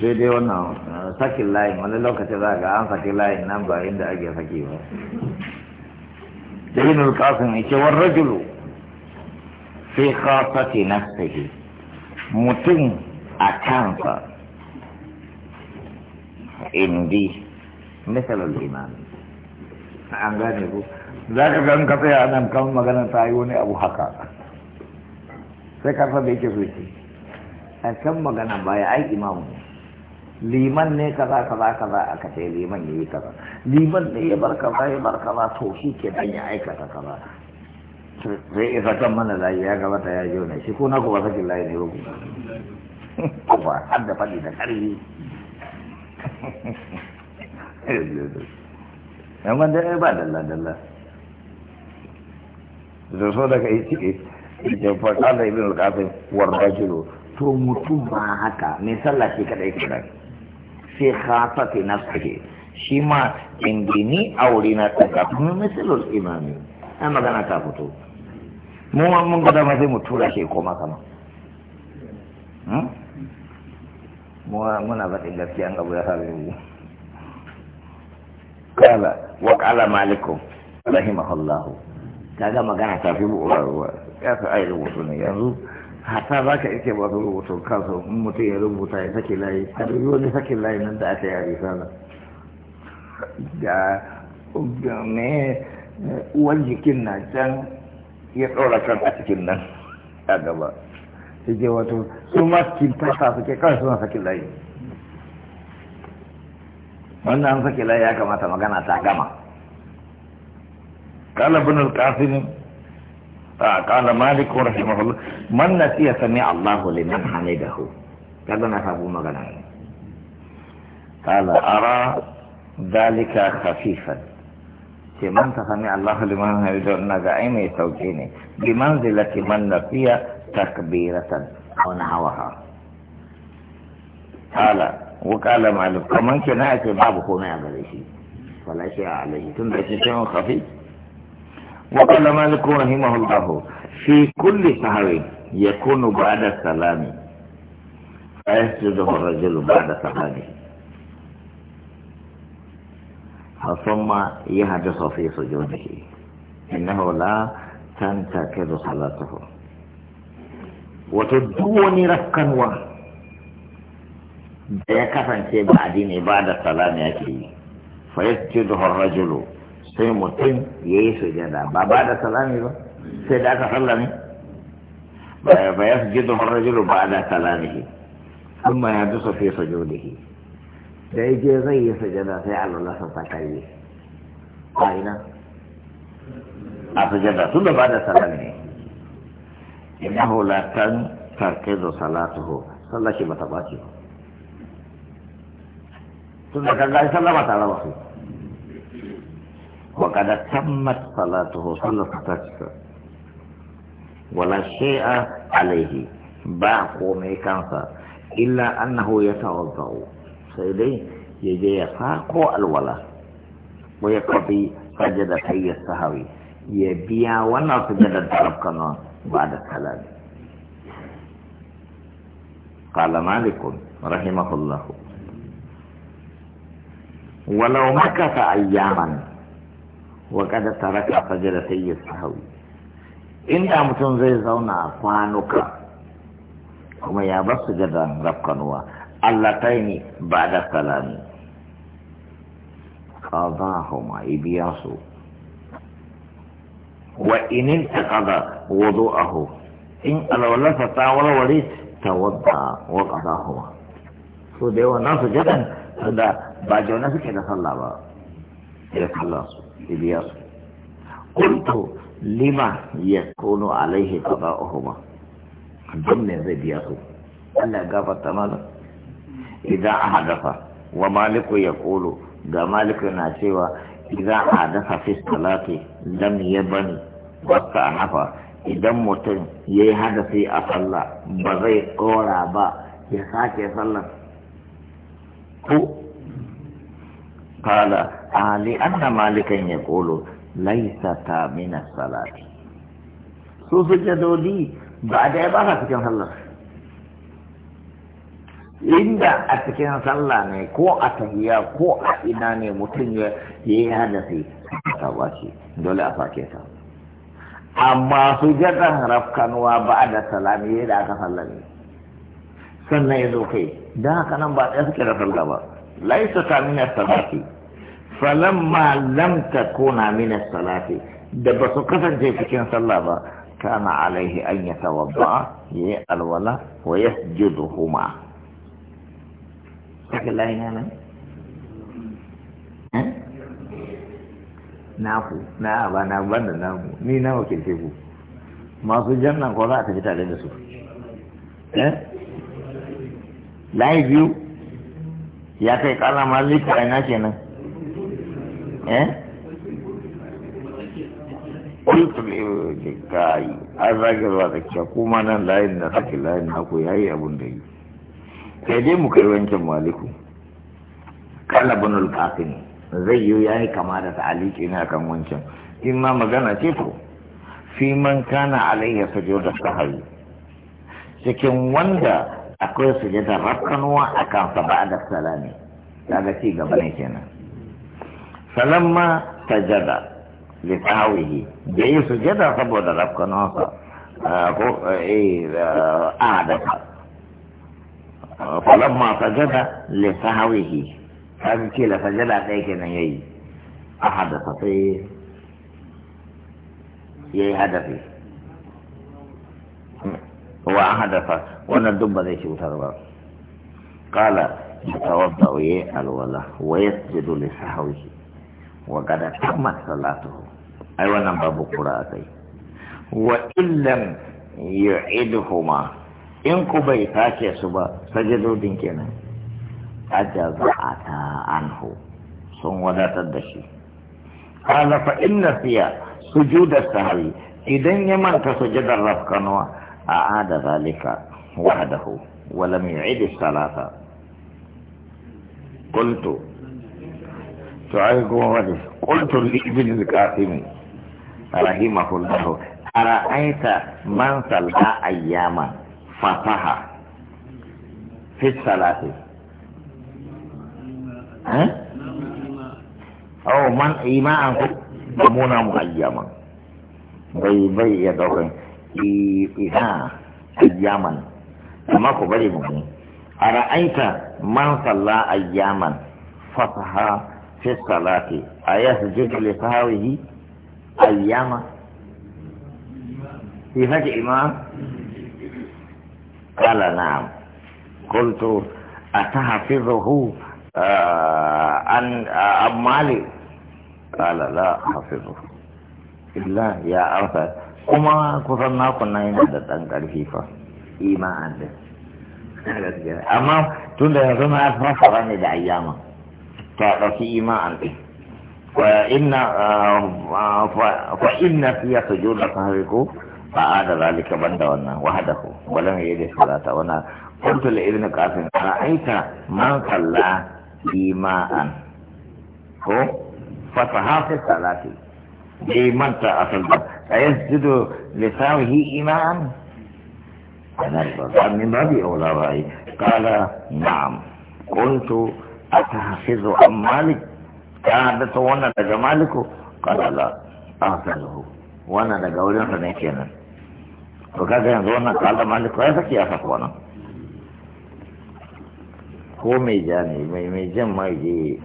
sai dai wannan eh, sakin layin wani lokacin za ga an sakin layin nan ba inda ake saki ba da yin qasim yace wa rajulu Sai fi na nafsihi mutum a kansa indi misal al-iman an gane ku za ka ga ka tsaya nan kan magana ta yi wani abu haka sai ka san da yake so a kan magana ba ya ai imamu liman ne kaza kaza kaza aka ce liman ne kaza liman ne ya bar kaza ya bar kaza to shi ke dan ya aikata kaza sai isa kan mana layi ya ta ya jona shi ko na ku ba sakin layi ne ba ku ba har da faɗi da ƙarfi yan wanda ya ba dalla dalla da so daga yi ciki da faƙa da ibn al-qasim war rajulu to mutum ba haka me sallah ke kadai kadai fi khafati nafsihi shi ma indini aure na daga kuma misalul imami an magana ta fito mu ma mun ga dama sai mu tura shi koma kama hmm? mu muna faɗin gaskiya an abu ya sa mu kala wa kala malikum rahimahullahu kaga magana ta fi mu ya sa ai rubutu ne yanzu hata za ka ike ba su rubutu kansu in mutum ya rubuta ya sake layi a duk wani sake layi nan da aka yi a risala da me uwan jikin na can ya ɗora kan a cikin nan a gaba su ke wato su ma cikin fasa suke kawai suna sake layi wannan sake layi ya kamata magana ta gama قال kafinin قال مالك رحمه الله من نسي سمع الله لمن حمده كذا نفهم مغنى قال أرى ذلك خفيفا من سمع الله لمن حمده نزعيم توجيني بمنزلة من نسي تكبيرة ونحوها قال وقال مالك كمان كنا يتبابه ما يغريشي فلا شيء عليه تندسي شيء خفيف وقال مالك رحمه الله في كل سهر يكون بعد السلام فيسجده الرجل بعد السلام ثم يحدث في سجوده إنه لا تنتكر صلاته وتدوني ركا و بيكفن ya kasance بعد السلام يكي فيسجده الرجل sai mutum ya yi sujada ba ba da salami ba sai da aka sallame ba ya su gidan rajulu ba da salami salamihi amma ya dusa fi sujudihi da ya je zai yi sujada sai alwalasa ta yi a ina a sujada tun da ba da salami ne innahu la da salatu salatuhu sallashi ba ta ɓaci ba tun da kan gani sallama ta raba su وقد تمت صلاته صلى الله ولا شيء عليه باقو ميكانسا إلا أنه يتوضأ سيدي يجي يساق الولا ويقضي سجد في السهوي يبيع ولا سجد الضرب بعد السلام قال مالك رحمه الله ولو مكث أياما وقد ترك فجر سجلتي السهو إن أمتن زي زونا فانوكا كما يابس جدا ربقنوا اللتين بعد السلام قضاهما إبياسو وإن انتقض وضوءه إن الأولى فتاول وليت توضع وقضاهما سو ديوانا سجدا هذا باجونا سكي تسلى با إلى الله biyar kuntu lima ya kono alaihi baba ohuma don zai biya su Allah gafarta mana idan a hadafa wa maliku ya kolo ga maliku na cewa idan a hadafa fi salati dan ya bani wata hafa idan mutum ya yi sai a sallah ba zai ƙora ba ya sake sallah قال علي أن مالكا يقول ليس من الصلاة su sujjado li ba da ba cikin sallar inda a cikin sallah ne ko a tahiya ko a ina ne mutum ya yi hadasi ta wace, dole a fake ta amma sujjadan rafkanuwa ba da salami yadda aka sallame sannan ya zo kai don haka nan ba ɗaya suke da sallah ba laisata min as-salati falamma lam takuna min as-salati da ba su kasance cikin sallah ba kana alaihi an yatawadda yi alwala wa yasjuduhuma kaga laina nan naku na ba na banda naku ni na wakilce ku masu jannan ko za a tafi tare da su eh layi biyu ya kai kala malika ina kenan eh kuntu ne an zage zuwa tsakiya kuma nan layin na sake layin naku ya yi abun da yi sai dai mu kai wancan maliku kala bunul kafin zai yi ya yi kama da ta'aliki ne akan wancan in ma magana ce to fi man kana alayya sajo da sahari cikin wanda akwai sujada rafkanuwa a kan kansa ba da salami daga ci gaba ne kenan falamma tajada li tawihi da yi sujada saboda rafkanuwa ko a da falamma tajada li tawihi kan kaga la sajada dai kenan yayi ahada hadasa sai yayi hadafi wa hadafa wannan duk ba zai shi wutar ba qala yatawadda wa ya alwala wa yasjudu li sahwihi wa qad tammat salatuhu ai wannan babu kura a kai wa illam yu'iduhuma in ku bai sake su ba sajadodin kenan Ajaza ajaza'ata anhu sun wadatar da shi qala fa inna siya sujuda sahwi idan ya manta sujudar rafkanuwa أعاد ذلك وحده ولم يعد الصلاة قلت تعيكم قلت لابن الكاثم رحمه الله أرأيت من صلى أياما فتح في الصلاة ها؟ أو من إيماء ممونا مؤيما bai بي ya daukan ina ayyaman amma ku bari mu ne a ra'aita man salla ayyaman fasaha fi salati a yasjudu li sahawihi ayyama في فجأة إمام قال نعم قلت أتحفظه عن أب مالك قال لا أحفظه إلا يا أرثى kuma kusan nakon nan yana da ɗan ƙarfi fa imanin din amma tun da yanzu na fasara ne da ayyama ta ɗauki imanin din فإن فإن في سجود صاحبكم فعاد ذلك بند وحده ولم يجد صلاة وانا قلت لابن قاسم رأيت من صلى إيماء فتحافظ manta بمن تأصل أيسجد لسانه إمام أنا من باب أولى رأي قال نعم قلت أتحفظ أم مالك قاعدة وانا لقى مالك قال لا أحفظه وانا لقى ولين فنيكينا وكذا ينظرنا قال مالك ويفك يا فقوانا هو ميجاني ميجان ما يجي